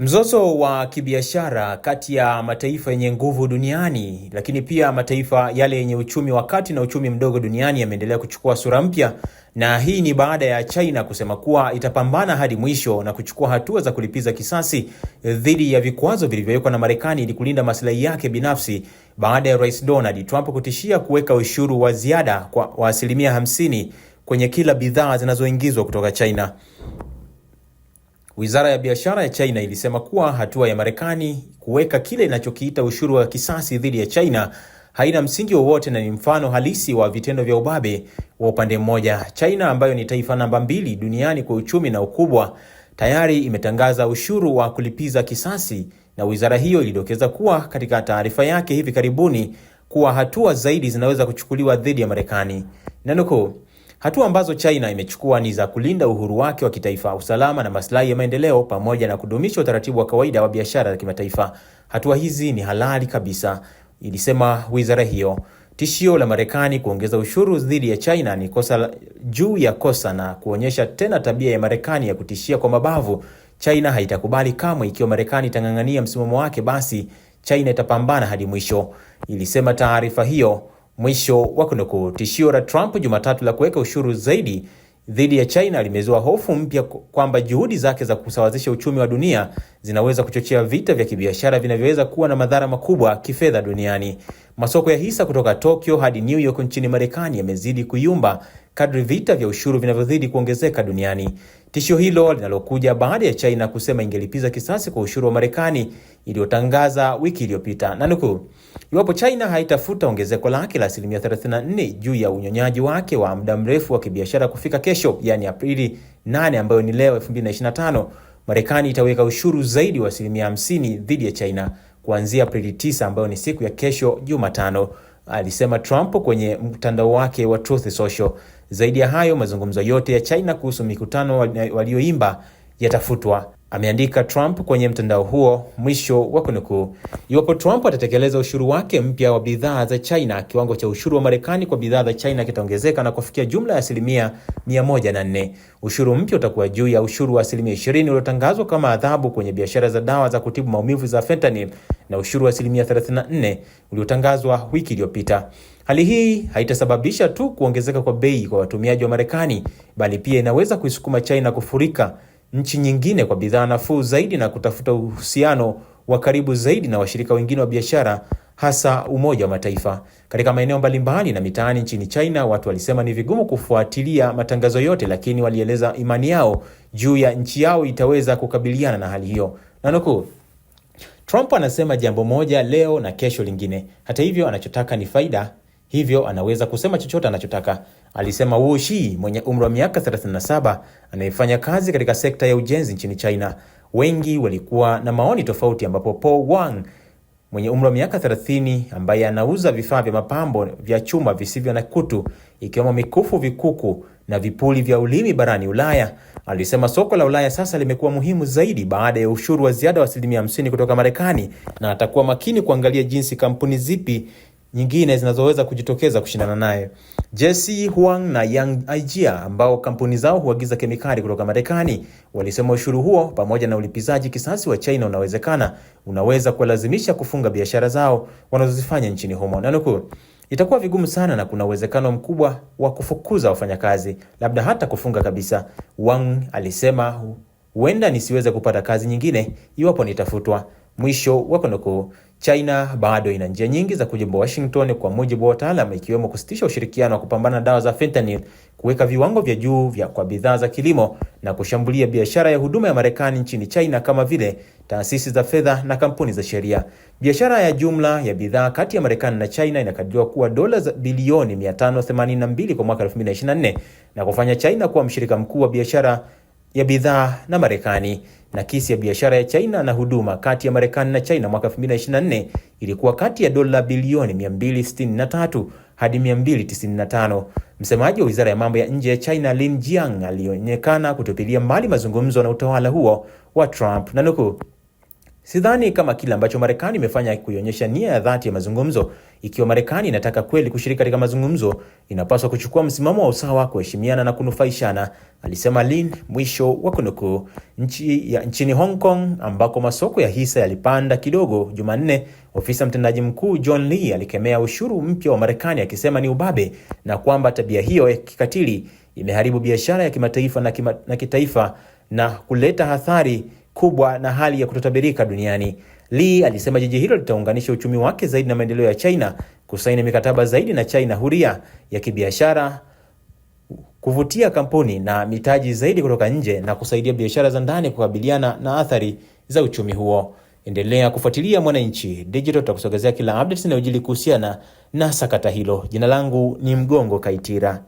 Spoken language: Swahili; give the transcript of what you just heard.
Mzozo wa kibiashara kati ya mataifa yenye nguvu duniani lakini pia mataifa yale yenye uchumi wa kati na uchumi mdogo duniani yameendelea kuchukua sura mpya, na hii ni baada ya China kusema kuwa itapambana hadi mwisho na kuchukua hatua za kulipiza kisasi dhidi ya vikwazo vilivyowekwa na Marekani ili kulinda maslahi yake binafsi baada ya Rais Donald Trump kutishia kuweka ushuru wa ziada kwa asilimia 50 kwenye kila bidhaa zinazoingizwa kutoka China. Wizara ya biashara ya China ilisema kuwa hatua ya Marekani kuweka kile inachokiita ushuru wa kisasi dhidi ya China haina msingi wowote na ni mfano halisi wa vitendo vya ubabe wa upande mmoja. China ambayo ni taifa namba mbili duniani kwa uchumi na ukubwa, tayari imetangaza ushuru wa kulipiza kisasi, na wizara hiyo ilidokeza kuwa katika taarifa yake hivi karibuni kuwa hatua zaidi zinaweza kuchukuliwa dhidi ya Marekani. Nanukuu, Hatua ambazo China imechukua ni za kulinda uhuru wake wa kitaifa, usalama na maslahi ya maendeleo, pamoja na kudumisha utaratibu wa kawaida wa biashara za kimataifa. Hatua hizi ni halali kabisa, ilisema wizara hiyo. Tishio la Marekani kuongeza ushuru dhidi ya China ni kosa juu ya kosa na kuonyesha tena tabia ya Marekani ya kutishia kwa mabavu. China haitakubali kamwe. Ikiwa Marekani itang'ang'ania msimamo wake, basi China itapambana hadi mwisho, ilisema taarifa hiyo. Mwisho wa kunukuu. Tishio la Trump Jumatatu la kuweka ushuru zaidi dhidi ya China limezua hofu mpya kwamba juhudi zake za kusawazisha uchumi wa dunia zinaweza kuchochea vita vya kibiashara vinavyoweza kuwa na madhara makubwa kifedha duniani. Masoko ya hisa kutoka Tokyo hadi New York nchini Marekani yamezidi kuyumba kadri vita vya ushuru vinavyozidi kuongezeka duniani. Tishio hilo linalokuja baada ya China kusema ingelipiza kisasi kwa ushuru wa Marekani iliyotangaza wiki iliyopita, na nukuu, iwapo China haitafuta ongezeko lake la asilimia 34 juu ya unyonyaji wake wa muda mrefu wa kibiashara kufika kesho, yani Aprili 8 ambayo ni leo 2025, Marekani itaweka ushuru zaidi wa asilimia 50 dhidi ya China kuanzia Aprili 9 ambayo ni siku ya kesho Jumatano alisema Trump kwenye mtandao wake wa Truth Social. Zaidi ya hayo, mazungumzo yote ya China kuhusu mikutano walioimba yatafutwa ameandika Trump kwenye mtandao huo, mwisho wa kunukuu. Iwapo Trump atatekeleza ushuru wake mpya wa bidhaa za China, kiwango cha ushuru wa Marekani kwa bidhaa za China kitaongezeka na kufikia jumla ya asilimia 104. Ushuru mpya utakuwa juu ya ushuru wa asilimia 20 uliotangazwa kama adhabu kwenye biashara za dawa za kutibu maumivu za fentanyl na ushuru wa asilimia 34 uliotangazwa wiki iliyopita. Hali hii haitasababisha tu kuongezeka kwa bei kwa watumiaji wa Marekani, bali pia inaweza kuisukuma China kufurika nchi nyingine kwa bidhaa nafuu zaidi na kutafuta uhusiano wa karibu zaidi na washirika wengine wa biashara hasa Umoja wa Mataifa. Katika maeneo mbalimbali na mitaani nchini China, watu walisema ni vigumu kufuatilia matangazo yote, lakini walieleza imani yao juu ya nchi yao itaweza kukabiliana na hali hiyo. Nanukuu, Trump anasema jambo moja leo na kesho lingine. Hata hivyo, anachotaka ni faida hivyo anaweza kusema chochote anachotaka, alisema Wu Shi mwenye umri wa miaka 37 anayefanya kazi katika sekta ya ujenzi nchini China. Wengi walikuwa na maoni tofauti, ambapo Po Wang mwenye umri wa miaka 30 ambaye anauza vifaa vya mapambo vya chuma visivyo na kutu ikiwemo mikufu, vikuku na vipuli vya ulimi barani Ulaya alisema soko la Ulaya sasa limekuwa muhimu zaidi baada ya ushuru wa ziada wa asilimia 50 kutoka Marekani, na atakuwa makini kuangalia jinsi kampuni zipi nyingine zinazoweza kujitokeza kushindana naye. Jesse Huang na Yang Aijia ambao kampuni zao huagiza kemikali kutoka Marekani walisema ushuru huo pamoja na ulipizaji kisasi wa China unawezekana unaweza kuwalazimisha kufunga biashara zao wanazozifanya nchini humo. Nanuku, itakuwa vigumu sana na kuna uwezekano mkubwa wa kufukuza wafanyakazi, labda hata kufunga kabisa, Wang alisema. Huenda nisiweze kupata kazi nyingine iwapo nitafutwa. Mwisho wa kunukuu. China bado ina njia nyingi za kujibu Washington kwa mujibu wa wataalam, ikiwemo kusitisha ushirikiano wa kupambana na dawa za fentanyl, kuweka viwango vya juu vya kwa bidhaa za kilimo na kushambulia biashara ya huduma ya Marekani nchini China kama vile taasisi za fedha na kampuni za sheria. Biashara ya jumla ya bidhaa kati ya Marekani na China inakadiriwa kuwa dola bilioni 582 kwa mwaka 2024 na kufanya China kuwa mshirika mkuu wa biashara ya bidhaa na Marekani. Nakisi ya biashara ya China na huduma kati ya Marekani na China mwaka 2024 ilikuwa kati ya dola bilioni 263 hadi 295. Msemaji wa Wizara ya Mambo ya Nje ya China, Lin Jiang, alionekana kutupilia mbali mazungumzo na utawala huo wa Trump na nukuu Sidhani kama kile ambacho Marekani imefanya kuionyesha nia ya dhati ya mazungumzo. Ikiwa Marekani inataka kweli kushiriki katika mazungumzo, inapaswa kuchukua msimamo wa usawa, kuheshimiana na kunufaishana, alisema Lin. Mwisho wa kunukuu. Nchi ya nchini Hong Kong ambako masoko ya hisa yalipanda kidogo Jumanne, ofisa mtendaji mkuu John Lee alikemea ushuru mpya wa Marekani akisema ni ubabe na kwamba tabia hiyo ya kikatili imeharibu biashara ya kimataifa na, kima, na kitaifa na kuleta hathari kubwa na hali ya kutotabirika duniani. Li alisema jiji hilo litaunganisha uchumi wake zaidi na maendeleo ya China, kusaini mikataba zaidi na China huria ya kibiashara, kuvutia kampuni na mitaji zaidi kutoka nje na kusaidia biashara za ndani kukabiliana na athari za uchumi huo. Endelea kufuatilia Mwananchi Digital, tutakusogezea kila updates inayojili kuhusiana na sakata hilo. Jina langu ni Mgongo Kaitira.